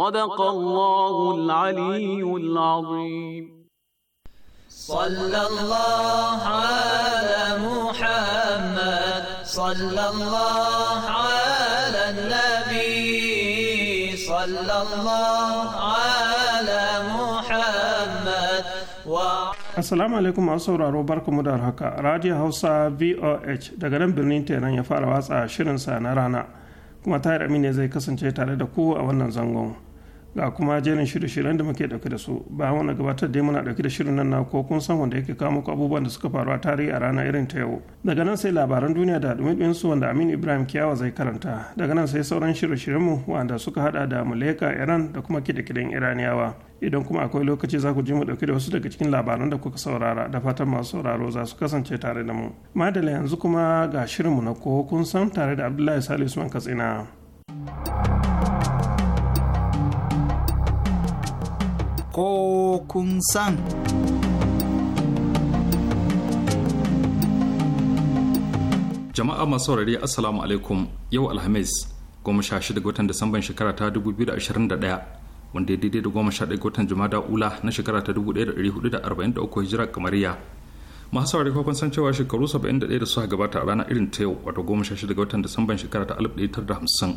صدق الله العلي العظيم صلى الله على محمد صلى الله على النبي صلى الله على محمد Assalamu alaikum masu sauraro barkamu da haka Radio Hausa VOH daga nan birnin Tenan ya fara watsa shirinsa na rana. kuma tare amina zai kasance tare da ku a wannan zangon ga kuma jerin shirye-shiryen da muke dauke da su bayan wani gabatar da muna dauke da shirin nan na ko kun san wanda yake kawo muku abubuwan da suka faru a tarihi a rana irin ta yau daga nan sai labaran duniya da dumin su wanda Aminu Ibrahim Kiyawa zai karanta daga nan sai sauran shirye-shiryen mu wanda suka hada da Muleka Iran da kuma kidikidin Iraniyawa idan kuma akwai lokaci za ku ji mu dauke da wasu daga cikin labaran da kuka saurara da fatan masu sauraro za su kasance tare da mu madalla yanzu kuma ga shirin mu na ko kun san tare da Abdullahi Salisu Katsina. ko kun san. Jama'a masu saurari Assalamu alaikum yau Alhamis goma sha shida ga watan Disamban shekara ta dubu biyu da da ashirin ɗaya wanda ya daidai da goma sha ɗaya ga watan Jumada Ula na shekara ta dubu ɗaya da da da ɗari arba'in uku hijira kamariya. Masu saurari ko kun san cewa shekaru saba'in da ɗaya da suka gabata a ranar irin ta yau wato goma sha shida ga watan Disamban shekara ta alif ɗaya tara da hamsin.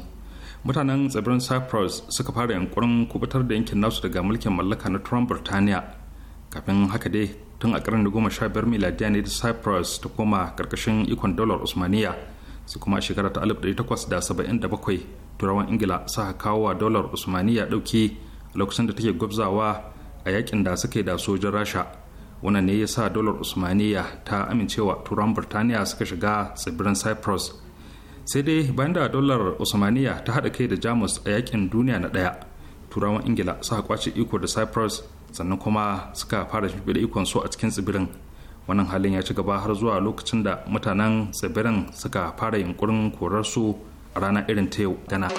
mutanen tsibirin cyprus suka fara yankurin kubutar da yankin nasu daga mulkin mallaka na trump burtaniya kafin haka dai tun a ƙarni goma sha biyar miladiya ne da cyprus ta koma karkashin ikon dollar usmaniya su kuma a shekara ta alif da da saba'in bakwai turawan ingila sa kawo wa dollar usmaniya ɗauke a lokacin da take gwabzawa a yakin da suka yi da sojin rasha wannan ne ya sa dollar usmaniya ta amincewa turan burtaniya suka shiga tsibirin cyprus sai dai bayan da dollar osmaniya ta haɗa kai da jamus a yakin duniya na ɗaya turawan ingila suka kwace iko da cyprus sannan kuma suka fara shimfiɗa ikon su a cikin tsibirin wannan halin ya ci gaba har zuwa lokacin da mutanen tsibirin suka fara yunkurin korar su a rana irin ta yau gana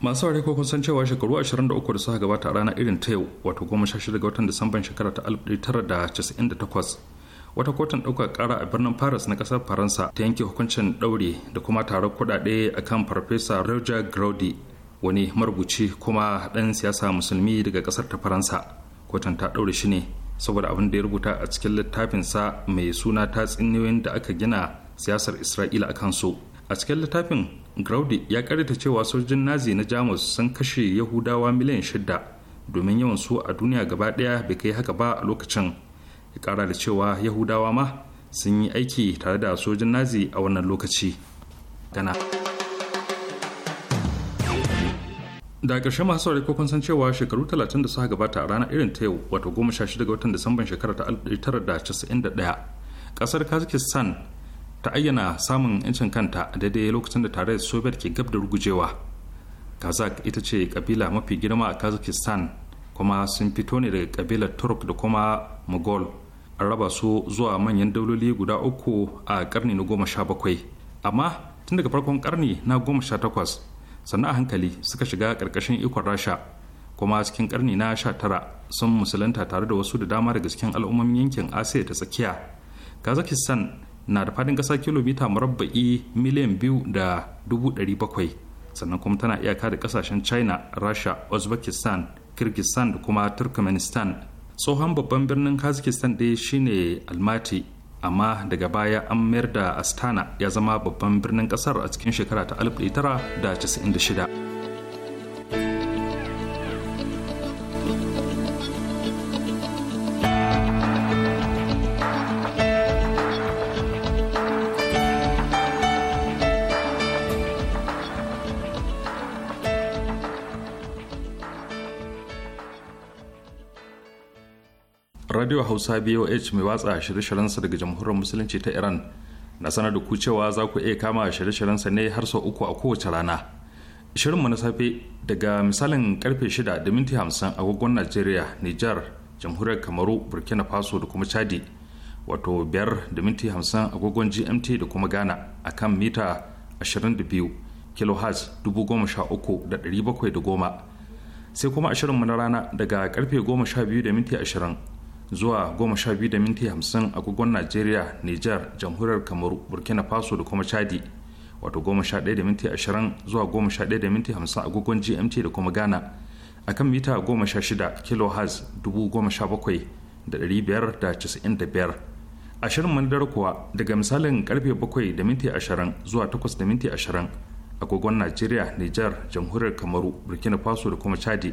masu ware ko kun san cewa shekaru 23 da suka gabata a rana irin ta yau wato 16 ga watan disamban shekara ta 1998 wata kotun ɗaukar ƙara a birnin paris na ƙasar faransa ta yanke hukuncin ɗaure da kuma tarar kuɗaɗe akan farfesa roger graudi wani marubuci kuma ɗan siyasa musulmi daga ƙasar ta faransa kotun ta ɗaure shi ne saboda abin da ya rubuta a cikin littafinsa mai suna ta tsinniyoyin da aka gina siyasar isra'ila a kansu a cikin littafin graudi ya karyata cewa sojin nazi na jamus sun kashe yahudawa miliyan shida domin yawan su a duniya gaba ɗaya bai kai haka ba a lokacin kara da cewa yahudawa ma sun yi aiki tare da sojin nazi a wannan lokaci gana da ƙarshe masu saurari ko kun san cewa shekaru 30 da suka gabata a ranar irin ta yau wato 16 ga watan disamban shekara ta 1991 ƙasar kazakhstan ta ayyana samun 'yancin kanta a daidai lokacin da tare soviet ke gab da rugujewa kazak ita ce kabila mafi girma a kazakhstan kuma sun fito ne daga kabilar turk da kuma mughal raba su zuwa manyan dauloli guda uku a karni na goma sha bakwai amma tun daga farkon karni na goma sha takwas sannan a hankali suka shiga karkashin ikon rasha kuma cikin karni na sha tara sun musulunta tare da wasu da dama daga cikin al'ummomin yankin asiya ta tsakiya kazakistan na da faɗin kasa kilomita murabba'i miliyan biyu da dubu ɗari bakwai sannan kuma tana iyaka da ƙasashen china rasha uzbekistan kirgistan da kuma turkmenistan tsohon babban birnin kazakistan ɗaya shine almati amma daga baya an mayar da astana ya zama babban birnin ƙasar a cikin shekara ta 1996 radio hausa boh mai watsa shirye-shiryensa daga jamhuriyar musulunci ta iran na sanar da ku cewa za ku iya kama shirye-shiryensa ne har sau uku a kowace rana mu na safe daga misalin karfe shida da minti 50 agogon najeriya niger jamhuriyar kamaru burkina faso da kuma chadi wato 5 da minti 50 agogon gmt da kuma ghana a kan mita 22 da goma sai kuma ashirinmu na rana daga karfe sha biyu da minti ashirin. zuwa goma sha biyu da minti hamsin agogon najeriya niger jamhuriyar kamaru burkina faso da kuma chadi wato 11:20 sha ɗaya da zuwa goma sha ɗaya agogon gmt da kuma ghana a kan mita goma sha shida kilohertz dubu goma sha bakwai da ɗari biyar da da biyar ashirin manadar kuwa daga misalin karfe bakwai da minti ashirin zuwa takwas da minti ashirin agogon najeriya niger jamhuriyar kamaru burkina faso da kuma chadi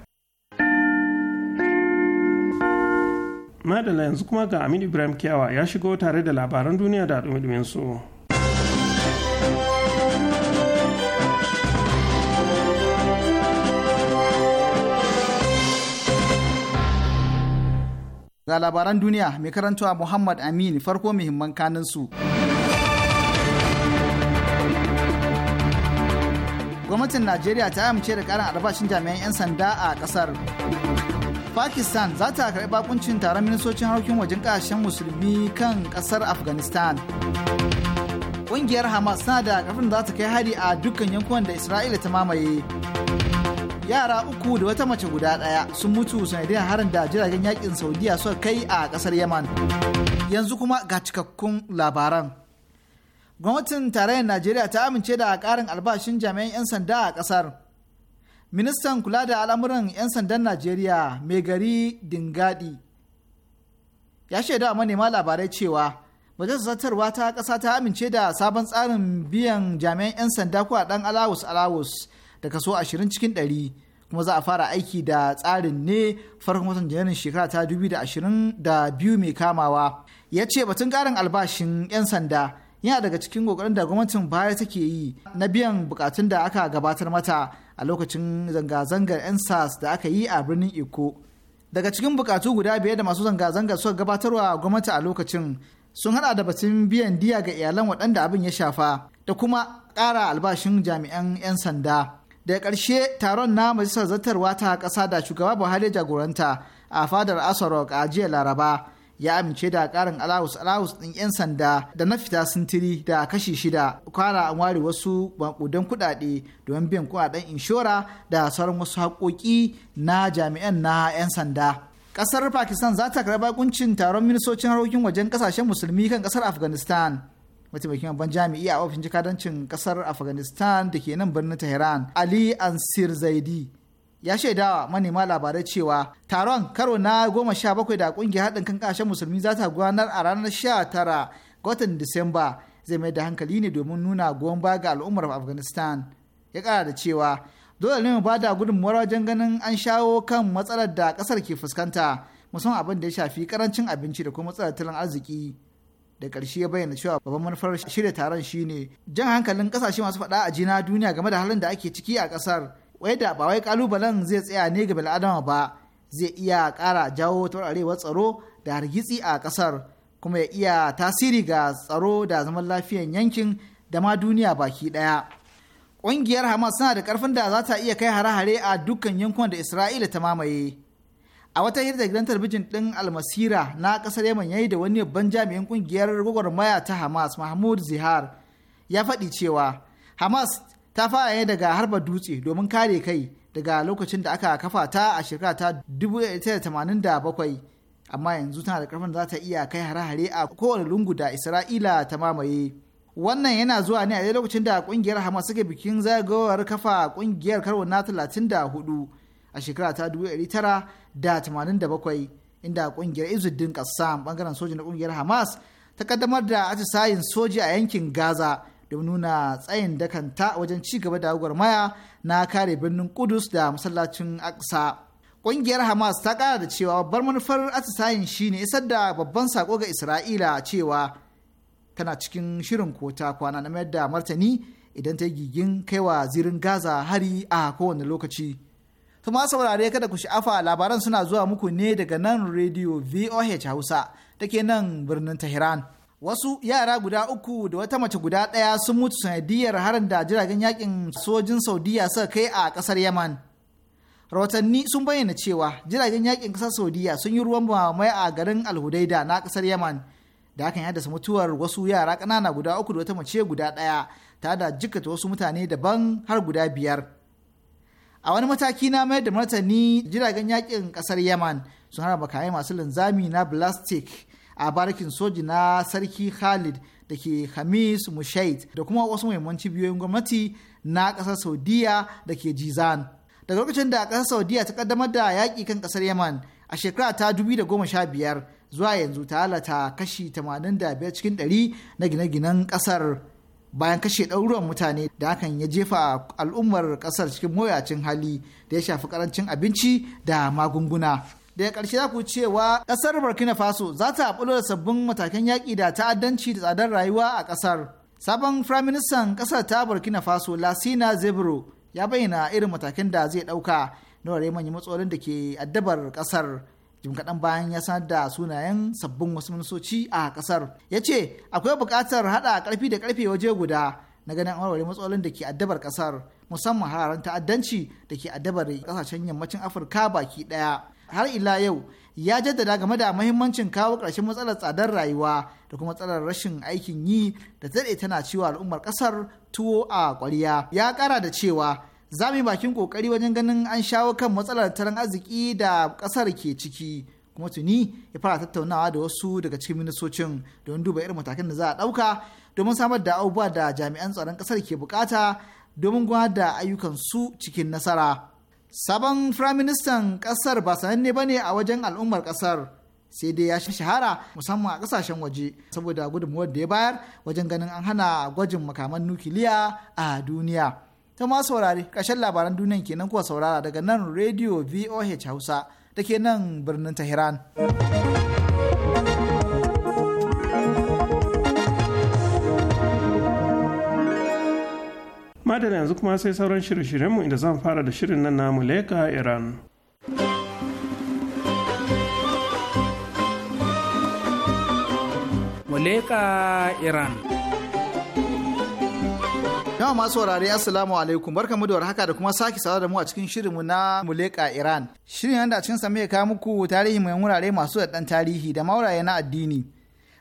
madala yanzu kuma ga amin ibrahim kiyawa ya shigo tare da labaran duniya da dumi su. ga labaran duniya mai karantawa muhammad amin farko muhimman kanin su gwamnatin najeriya ta amince da karin albashin jami'an 'yan sanda a kasar pakistan za ta karɓi bakuncin taron ministocin harkokin wajen ƙasashen musulmi kan ƙasar afghanistan ƙungiyar hamas tana da ƙarfin za ta kai hari a dukkan yankunan da isra'ila ta mamaye yara uku da wata mace guda ɗaya sun mutu sanadiyar harin da jiragen yakin saudiya suka kai a ƙasar yaman yanzu kuma ga cikakkun labaran gwamnatin tarayyar najeriya ta amince da ƙarin albashin jami'an 'yan sanda a ƙasar ministan kula da al'amuran 'yan sandan najeriya mai gari dingadi ya shaida a manema labarai cewa majalisar zartarwa ta kasa ta amince da sabon tsarin biyan jami'an 'yan sanda ko a dan alawus alawus da kaso 20 cikin 100 kuma za a fara aiki da tsarin ne farkon watan janairun shekara ta biyu mai kamawa ya ce batun karin albashin 'yan sanda yana daga cikin kokarin da gwamnatin baya take yi na biyan bukatun da aka gabatar mata a lokacin zanga-zangar 'yan sas da aka yi a birnin iko daga cikin bukatu guda biyar da masu zanga zangar suka gabatarwa gwamnati a lokacin sun hada da batun biyan diya ga iyalan waɗanda abin ya shafa da kuma ƙara albashin jami'an 'yan sanda daga ƙarshe taron na majalisar zartarwa ta ƙasa da shugaba buhari jagoranta a fadar asarok a jiya laraba ya amince da karin alawus alawus din yan sanda da na fita sintiri da kashi shida kwara an ware wasu makudan kudade domin biyan kudaden inshora da sauran wasu haƙoƙi na jami'an na yan sanda kasar pakistan za ta karɓi kuncin taron ministocin harkokin wajen kasashen musulmi kan kasar afghanistan mataimakin babban jami'i a ofishin jikadancin kasar afghanistan da ke nan birnin tehran ali ansir zaidi ya shaidawa manema labarai cewa taron karo na goma sha bakwai da kungiyar haɗin kan ƙasashen musulmi za ta gudanar a ranar sha tara ga watan disamba zai mai da hankali ne domin nuna goyon baya ga al'ummar afghanistan ya ƙara da cewa dole ne mu ba da gudunmuwar wajen ganin an shawo kan matsalar da kasar ke fuskanta musamman abin da ya shafi karancin abinci da kuma matsalar tattalin arziki da karshe ya bayyana cewa babban manufar shirya taron shine jan hankalin ƙasashe masu faɗa a jina duniya game da halin da ake ciki a kasar. wai da ba wai kalubalen zai tsaya ne ga bil'adama ba zai iya ƙara jawo taurarewar tsaro da hargitsi a ƙasar kuma ya iya tasiri ga tsaro da zaman lafiyan yankin da ma duniya baki ɗaya. Ƙungiyar Hamas suna da ƙarfin da za ta iya kai hare-hare a dukkan yankunan da Isra'ila ta mamaye. A wata da gidan talabijin ɗin Almasira na ƙasar Yaman yayi da wani babban jami'in ƙungiyar gwagwarmaya ta Hamas Mahmud Zihar ya faɗi cewa Hamas ta fara ne daga harba dutse domin kare kai daga lokacin da aka kafa ta a shekara ta 1987 amma yanzu tana da karfin za ta iya kai hare-hare a kowane lungu da isra'ila ta mamaye wannan yana zuwa ne a lokacin da kungiyar hamas suke bikin zagayowar kafa kungiyar karo na 34 a shekara ta 1987 inda kungiyar izuddin kassam bangaren sojin na kungiyar hamas ta kaddamar da atisayin soji a yankin gaza domin nuna tsayin dakanta wajen ci gaba da maya na kare birnin Kudus da masallacin Aksa. Ƙungiyar Hamas ta ƙara da cewa babbar manufar atisayin ne isar da babban sako ga Isra'ila cewa tana cikin shirin kota kwana na mayar da martani idan ta gigin kaiwa zirin Gaza hari a kowane lokaci. Tuma saurare kada ku sha'afa labaran suna zuwa muku ne daga nan rediyo VOH Hausa take nan birnin Tehran. wasu yara guda uku da wata mace guda ɗaya sun mutu sanadiyar harin da jiragen yakin sojin saudiya suka kai a ƙasar yaman rahotanni sun bayyana cewa jiragen yakin ƙasar saudiya sun yi ruwan mamamai a garin alhudaida na ƙasar yaman da hakan haddasa mutuwar wasu yara ƙanana guda uku da wata mace guda ɗaya tare da jikata wasu mutane daban har guda biyar a wani mataki na mayar da martani jiragen yakin ƙasar yaman sun harba kayan masu linzami na plastic a barikin soji na sarki khalid da ke hamis mushaid da kuma wasu muhimman cibiyoyin gwamnati na ƙasar saudiya da ke jizan daga lokacin da kasar saudiya ta kaddamar da yaƙi kan ƙasar yaman a shekara ta sha biyar, zuwa yanzu ta halata kashi 85 cikin 100 na gine-ginen ƙasar bayan kashe ɗaruruwan mutane da hakan ya jefa al'ummar ƙasar cikin moyacin hali da ya shafi ƙarancin abinci da magunguna. daga ƙarshe za ku cewa ƙasar burkina faso za ta haɓulo da sabbin matakan yaƙi da ta'addanci da tsadar rayuwa a ƙasar sabon firaministan ƙasar ta burkina faso lasina zebro ya bayyana irin matakan da zai ɗauka na ware manyan matsalolin da ke addabar ƙasar jim kaɗan bayan ya sanar da sunayen sabbin wasu ministoci a ƙasar ya ce akwai buƙatar haɗa ƙarfi da ƙarfe waje guda na ganin warware matsalolin da ke addabar ƙasar musamman hararen ta'addanci da ke addabar ƙasashen yammacin afirka baki ɗaya har ila yau ya jaddada game da mahimmancin kawo ƙarshen matsalar tsadar rayuwa da kuma matsalar rashin aikin yi da daɗe tana cewa al'ummar ƙasar tuwo a ƙwariya ya kara da cewa za mu bakin kokari wajen ganin an shawo kan matsalar tattalin arziki da ƙasar ke ciki kuma tuni ya fara tattaunawa da wasu daga cikin ministocin don duba irin matakan da za a ɗauka domin samar da abubuwa da jami'an tsaron ƙasar ke bukata domin gwada ayyukansu cikin nasara. sabon firaministan ƙasar ba sananne ba ne a wajen al'ummar ƙasar sai dai ya shahara musamman a ƙasashen waje saboda gudunmuwar da ya bayar wajen ganin an hana gwajin makaman nukiliya a duniya ta ma saurari ƙarshen labaran duniyan kenan kuwa saurara daga nan rediyo voh hausa da ke nan birnin tehran madana yanzu kuma sai sauran shirye-shiryenmu inda zan fara da shirin nan na muleka iran muleka iran yawan masu wurare assalamu alaikum barka mu da warhaka da kuma sake sawa da mu a cikin shirinmu na muleka iran shirin yadda a cikin sa kama kawo muku tarihi mai wurare masu da tarihi da mauraye na addini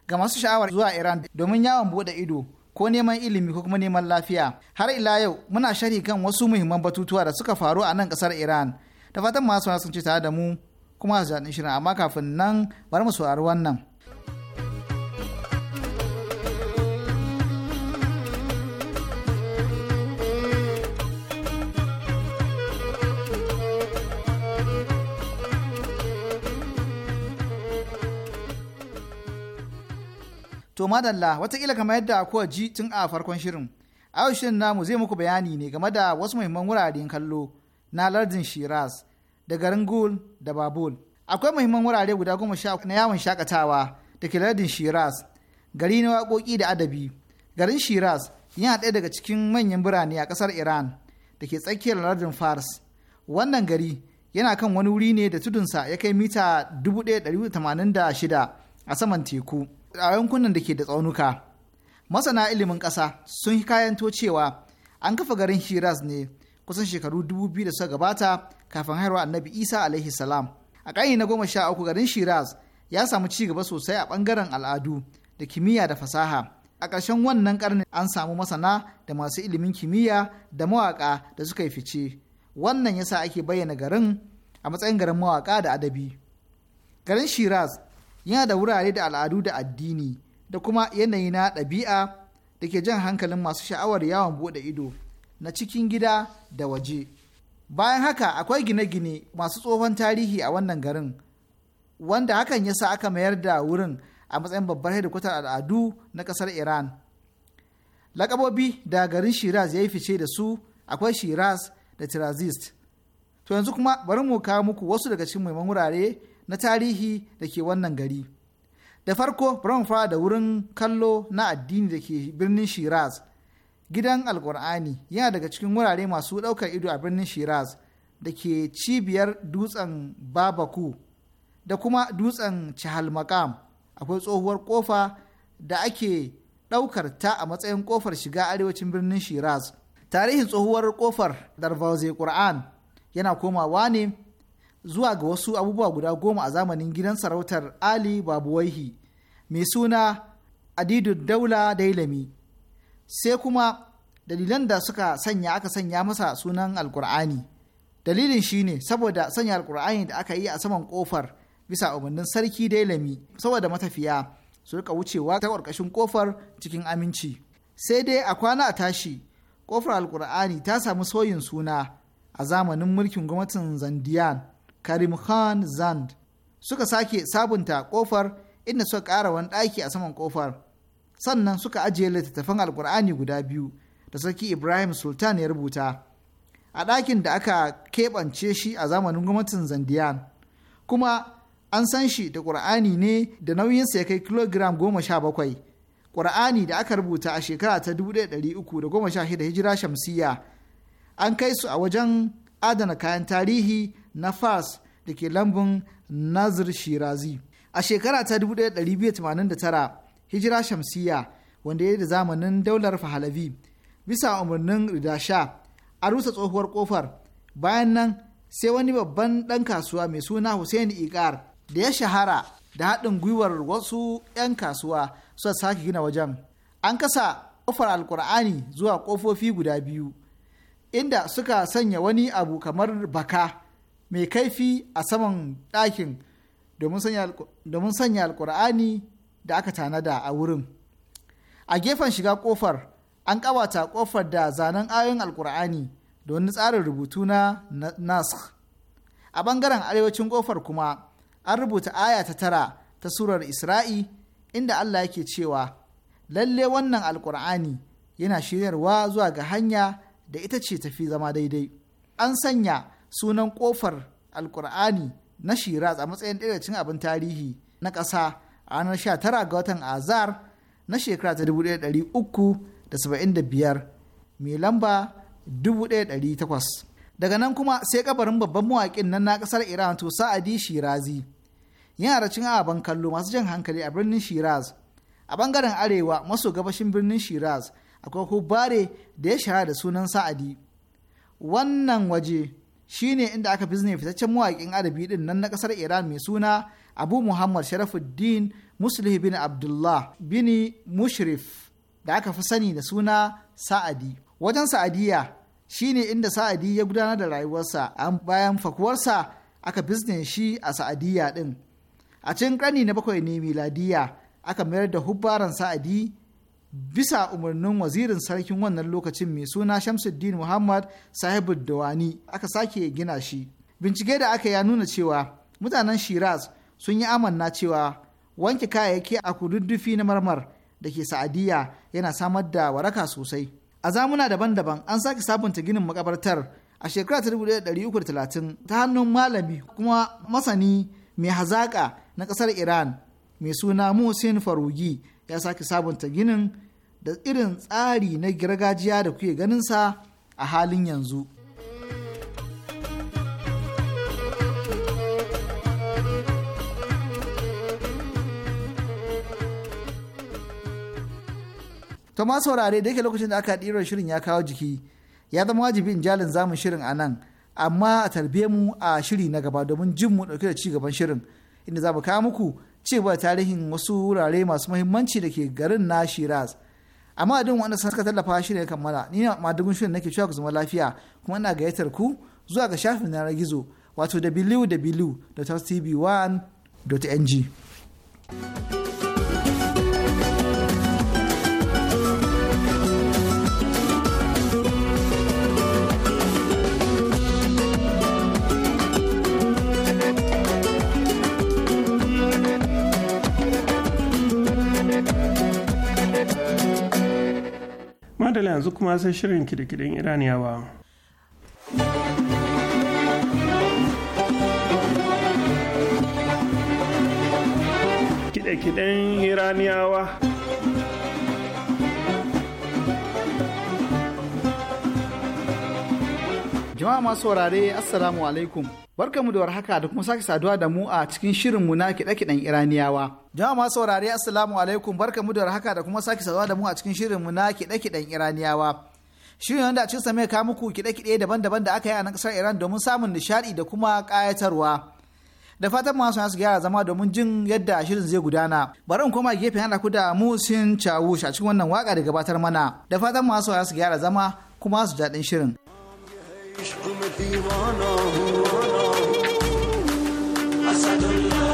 ga masu sha'awar zuwa iran domin yawon buɗe ido ko neman ilimi ko kuma neman lafiya har ila yau muna shari kan wasu muhimman batutuwa da suka faru a nan kasar iran da fatan masu sun ce tare da mu kuma zaɗin shirin amma kafin nan bari mu saurari wannan To madalla watakila kamar yadda kuwa ji tun a farkon shirin. A shirin namu zai muku bayani ne game da wasu muhimman wuraren kallo na lardin Shiraz da garin Gul da Babul. Akwai muhimman wurare guda goma sha na yawon shakatawa da ke lardin Shiraz, gari na waƙoƙi da adabi. Garin Shiraz yana ɗaya daga cikin manyan birane a ƙasar Iran da ke tsakiyar lardin Fars. Wannan gari yana kan wani wuri ne da tudunsa ya kai mita 1,186 a saman teku. a yankunan da ke da tsaunuka masana ilimin ƙasa sun yi kayanto cewa an kafa garin shiraz ne kusan shekaru dubu biyu da suka gabata kafin haihuwa annabi isa alaihi salam a ƙayi na goma sha uku garin shiraz ya samu ci gaba sosai a ɓangaren al'adu da kimiyya da fasaha a ƙarshen wannan ƙarni an samu masana da masu ilimin kimiyya da mawaƙa da suka yi fice wannan yasa ake bayyana garin a matsayin garin mawaƙa da adabi garin shiraz yana da wurare da al'adu da addini da kuma yanayi na ɗabi'a da ke jan hankalin masu sha'awar yawon buɗe ido na cikin gida da waje. Bayan haka akwai gine-gine masu tsohon tarihi a wannan garin, wanda hakan ya sa aka mayar da wurin a matsayin babbar hedikwatar al'adu na ƙasar Iran. Lakabobi da garin Shiraz ya yi fice da su akwai Shiraz da Tirazist. To yanzu kuma bari mu kawo muku wasu daga cikin muhimman wurare na tarihi da ke wannan gari da farko Brown fara da wurin kallo na addini da ke birnin shiraz gidan alkur'ani yana daga cikin wurare masu ɗaukar ido a birnin shiraz da ke cibiyar dutsen babaku da kuma dutsen chahal makam akwai tsohuwar ƙofa da ake ɗaukar ta a matsayin ƙofar shiga arewacin birnin shiraz tarihin tsohuwar ƙofar darvaze qur'an yana komawa ne zuwa ga wasu abubuwa guda goma a zamanin gidan sarautar Ali Babuwaihi mai suna Adidu Daula Dailami sai kuma dalilan da suka sanya aka sanya masa sunan Alkur'ani dalilin shi ne saboda sanya Alkur'ani da aka yi a saman kofar bisa umarnin sarki Dailami saboda matafiya su rika wucewa ta ƙarƙashin kofar cikin aminci sai dai a kwana a tashi kofar Alkur'ani ta samu sauyin suna a zamanin mulkin gwamnatin Zandiyan Karim Khan Zand suka sake sabunta kofar inda suka ƙara wani ɗaki a saman kofar sannan suka ajiye littattafan alkur'ani guda biyu da sarki Ibrahim Sultan ya rubuta a ɗakin da aka keɓance shi a zamanin gwamnatin Zandiyan kuma an san shi da ƙur'ani ne da nauyinsa ya kai kilogiram goma sha bakwai ƙur'ani da aka rubuta a shekara ta dubu ɗaya ɗari uku da goma sha shida hijira shamsiyya an kai su a wajen adana kayan tarihi na fas da ke lambun nazir shirazi a shekara ta 1289 hijira shamsiya wanda ya yi da zamanin daular fahalabi bisa umarnin ridasha a rusa tsohuwar kofar bayan nan sai wani babban ɗan kasuwa mai suna hussein iqar da ya shahara da haɗin gwiwar wasu 'yan kasuwa suka sake gina wajen an kasa ƙofar alkur'ani zuwa ƙofofi guda biyu inda suka sanya wani abu kamar baka mai kaifi a saman ɗakin domin sanya alkur'ani da aka tanada a wurin a gefen shiga ƙofar an ƙawata ƙofar da zanen ayoyin alkur'ani don tsarin rubutu na naskh a ɓangaren arewacin ƙofar kuma an rubuta aya ta tara ta surar isra'i inda allah yake cewa lalle wannan alkur'ani yana shiryarwa zuwa ga hanya da ita ce tafi zama daidai an sanya sunan kofar alkur'ani na shiraz a matsayin ɗaya cin abin tarihi na ƙasa a ranar sha tara ga watan azar na shekara ta dubu da da uku saba'in biyar mai lamba dubu ɗaya ɗari takwas. daga nan kuma sai kabarin babban mawaƙin nan na ƙasar iran to sa'adi shirazi yana da cin abin kallo masu jan hankali a birnin shiraz a bangaren arewa maso gabashin birnin shiraz akwai hubare da ya shahara da sunan sa'adi wannan waje shine inda aka bizne fitaccen mawaƙin adabi din nan na ƙasar Iran mai suna Abu Muhammad Sharafuddin Muslih bin Abdullah bin Mushrif da aka fi sani da suna Sa'adi. Wajen Sa'adiyya shine inda Sa'adi ya gudanar da rayuwarsa an bayan fakuwarsa aka bizne shi a Sa'adiya ɗin. A cikin ƙarni na bakwai ne miladiya aka mayar da hubbaran Sa'adi bisa umarnin wazirin sarkin wannan lokacin mai suna Shamsuddin Muhammad Sahibu Dawani aka sake gina shi. Bincike da aka ya nuna cewa mutanen Shiraz sun yi amanna cewa wanke kayayyaki a kududdufi na marmar da ke sa'adiyya yana samar da waraka sosai. A zamuna daban-daban an sake sabunta ginin makabartar a shekara ta 1330 ta hannun malami kuma masani mai hazaƙa na ƙasar Iran mai suna Muhsin Farugi ya sake sabunta ginin da irin tsari na gargajiya da kuke ganin sa a halin yanzu. ta ma saurare da yake lokacin da aka ɗirar shirin ya kawo jiki ya zama wajibin jalin zamun shirin a nan amma a tarbe mu a shiri na gaba domin jin mu ɗauke da ci gaban shirin inda za mu kawo muku cewa tarihin wasu wurare masu mahimmanci da ke garin na Shiraz. Amma din wanda suka tallafa shi ne kammala, ni na madugun shirin nake cewa ku zama lafiya kuma ina gayyatar ku zuwa ga shafin yanar gizo wato www.tv1.ng. madala yanzu kuma sai shirin kidikidin iraniyawa kidikidin iraniyawa Jama'a masu saurare Assalamu alaikum. Barkamu da warhaka da kuma sake saduwa da mu a cikin shirin mu na kiɗe-kiɗen Iraniyawa. Jama'a masu saurare Assalamu alaikum. Barkamu da warhaka da kuma sake saduwa da mu a cikin shirin mu na kiɗe-kiɗen Iraniyawa. Shirin wanda a cikin sa mai ka muku kiɗe-kiɗe daban-daban da aka yi a nan ƙasar Iran domin samun nishaɗi da kuma ƙayatarwa. Da fatan masu su gyara zama domin jin yadda shirin zai gudana. Bari in koma gefe yana ku da Musin Chawush a cikin wannan waka da gabatar mana. Da fatan masu su gyara zama kuma su daɗin shirin. इश्क में दीवाना हूँ असदुल्ला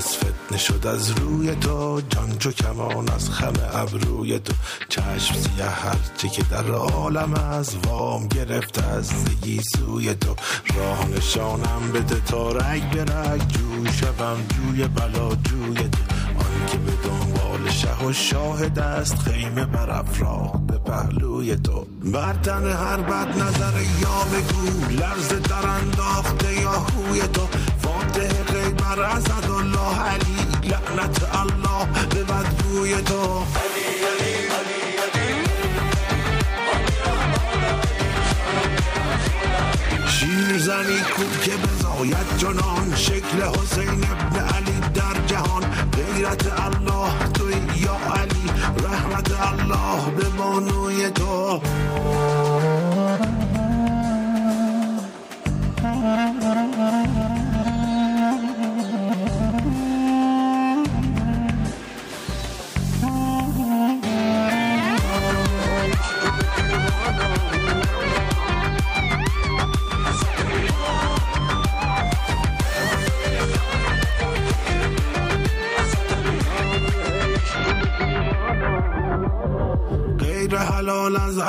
از نشد از روی تو جان جو کمان از خم ابروی تو چشم سیه هرچه که در عالم از وام گرفت از زگی سوی تو راه نشانم بده تا رگ به رگ جو شوم جوی بلا جوی تو آنکه به دنبال شه و شاهد است خیمه بر افراخت پهلوی تو برتن تن هر بد نظر یا بگو لرز در انداخته یا خوی تو فاتح غیبر ازد زنی کو که بزاید جنان شکل حسین ابن علی در جهان غیرت الله توی یا علی رحمت الله به بانوی تو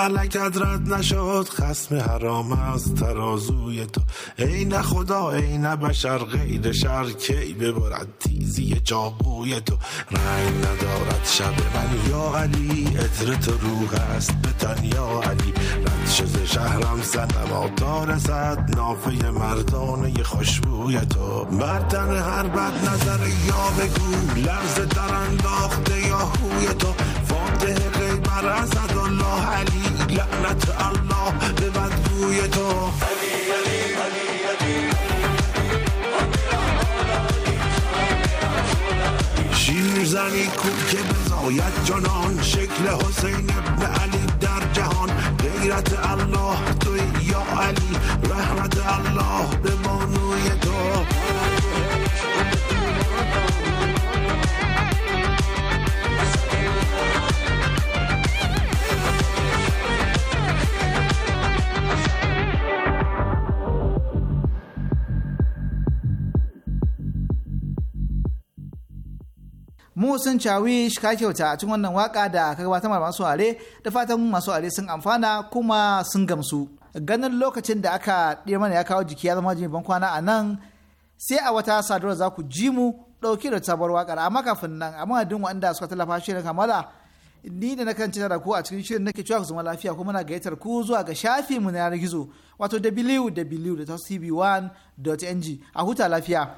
فلکت رد نشد خسم حرام از ترازوی تو ای نه خدا ای نه بشر غیر شر کی ببرد تیزی چاقوی تو رنگ ندارد شب من یا علی عطر تو روح است بتن یا علی رد شد شهرم سنما تا رسد نافه مردانه خوشبوی تو بر هر بد نظر یا بگو لرز در انداخته یا هوی تو فاتح غیبر الله علی لعنت الله به بدگوی تو زنی کن که بزاید جانان شکل حسین ابن علی در جهان غیرت الله توی یا علی رحمت الله به sun musun shi ka kyauta a cikin wannan waka da ka gabatar masu are da fatan masu are sun amfana kuma sun gamsu ganin lokacin da aka ɗaya mana ya kawo jiki ya zama ban kwana a nan sai a wata sadarwa za ku ji mu ɗauki da sabuwar wakar amma kafin nan amma adin wanda suka tallafa shirin kamala ni da na kan da ku a cikin shirin nake cewa ku zama lafiya kuma na gayyatar ku zuwa ga shafi mu na yanar gizo wato www.tv1.ng a huta lafiya.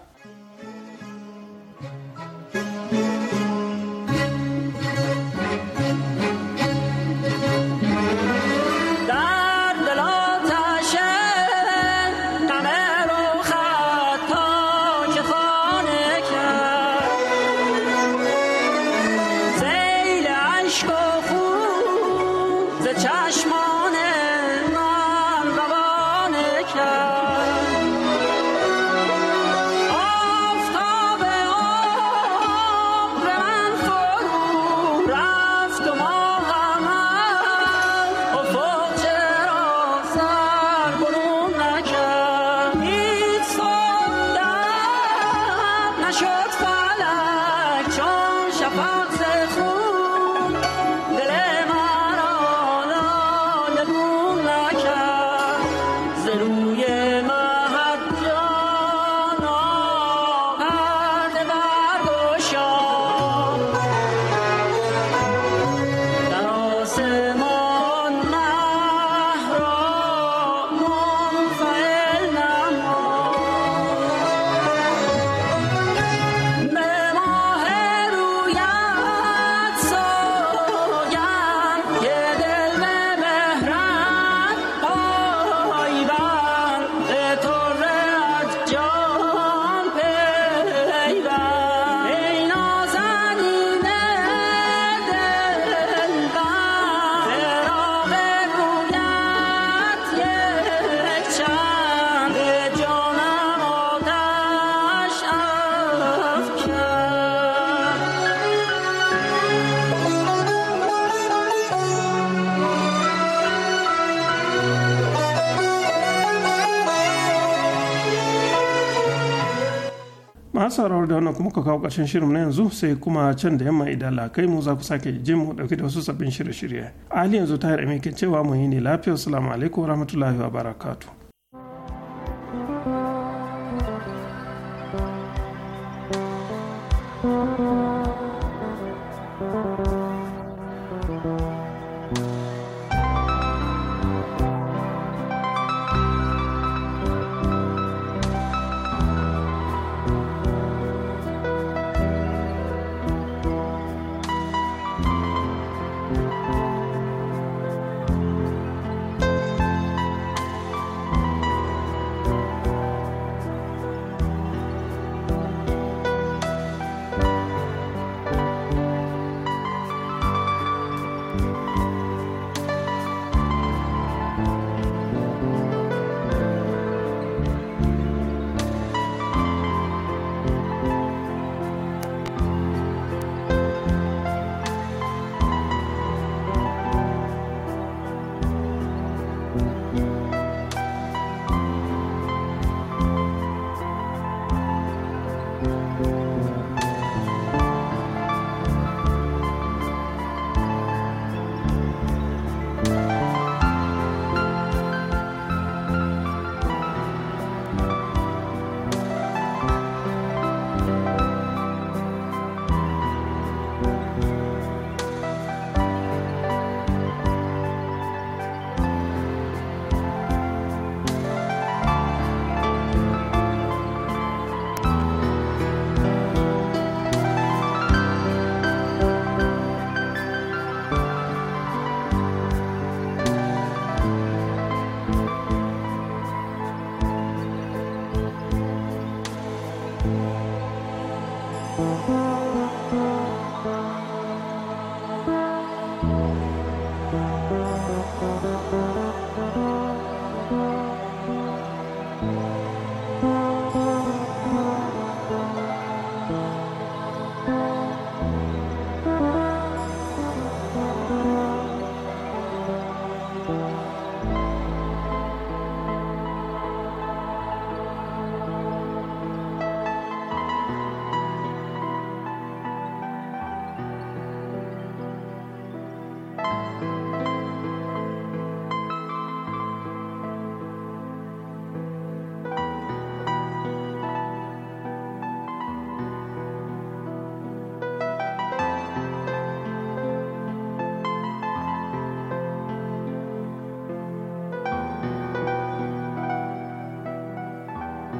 da wannan kuma ka kawo ƙarshen shirin na yanzu sai kuma can da yamma idan kai mu za ku sake jin mu dauke da wasu sabbin shirye-shirye. Ali yanzu ta yi cewa mu yi ne lafiya. Assalamu alaikum wa barakatu.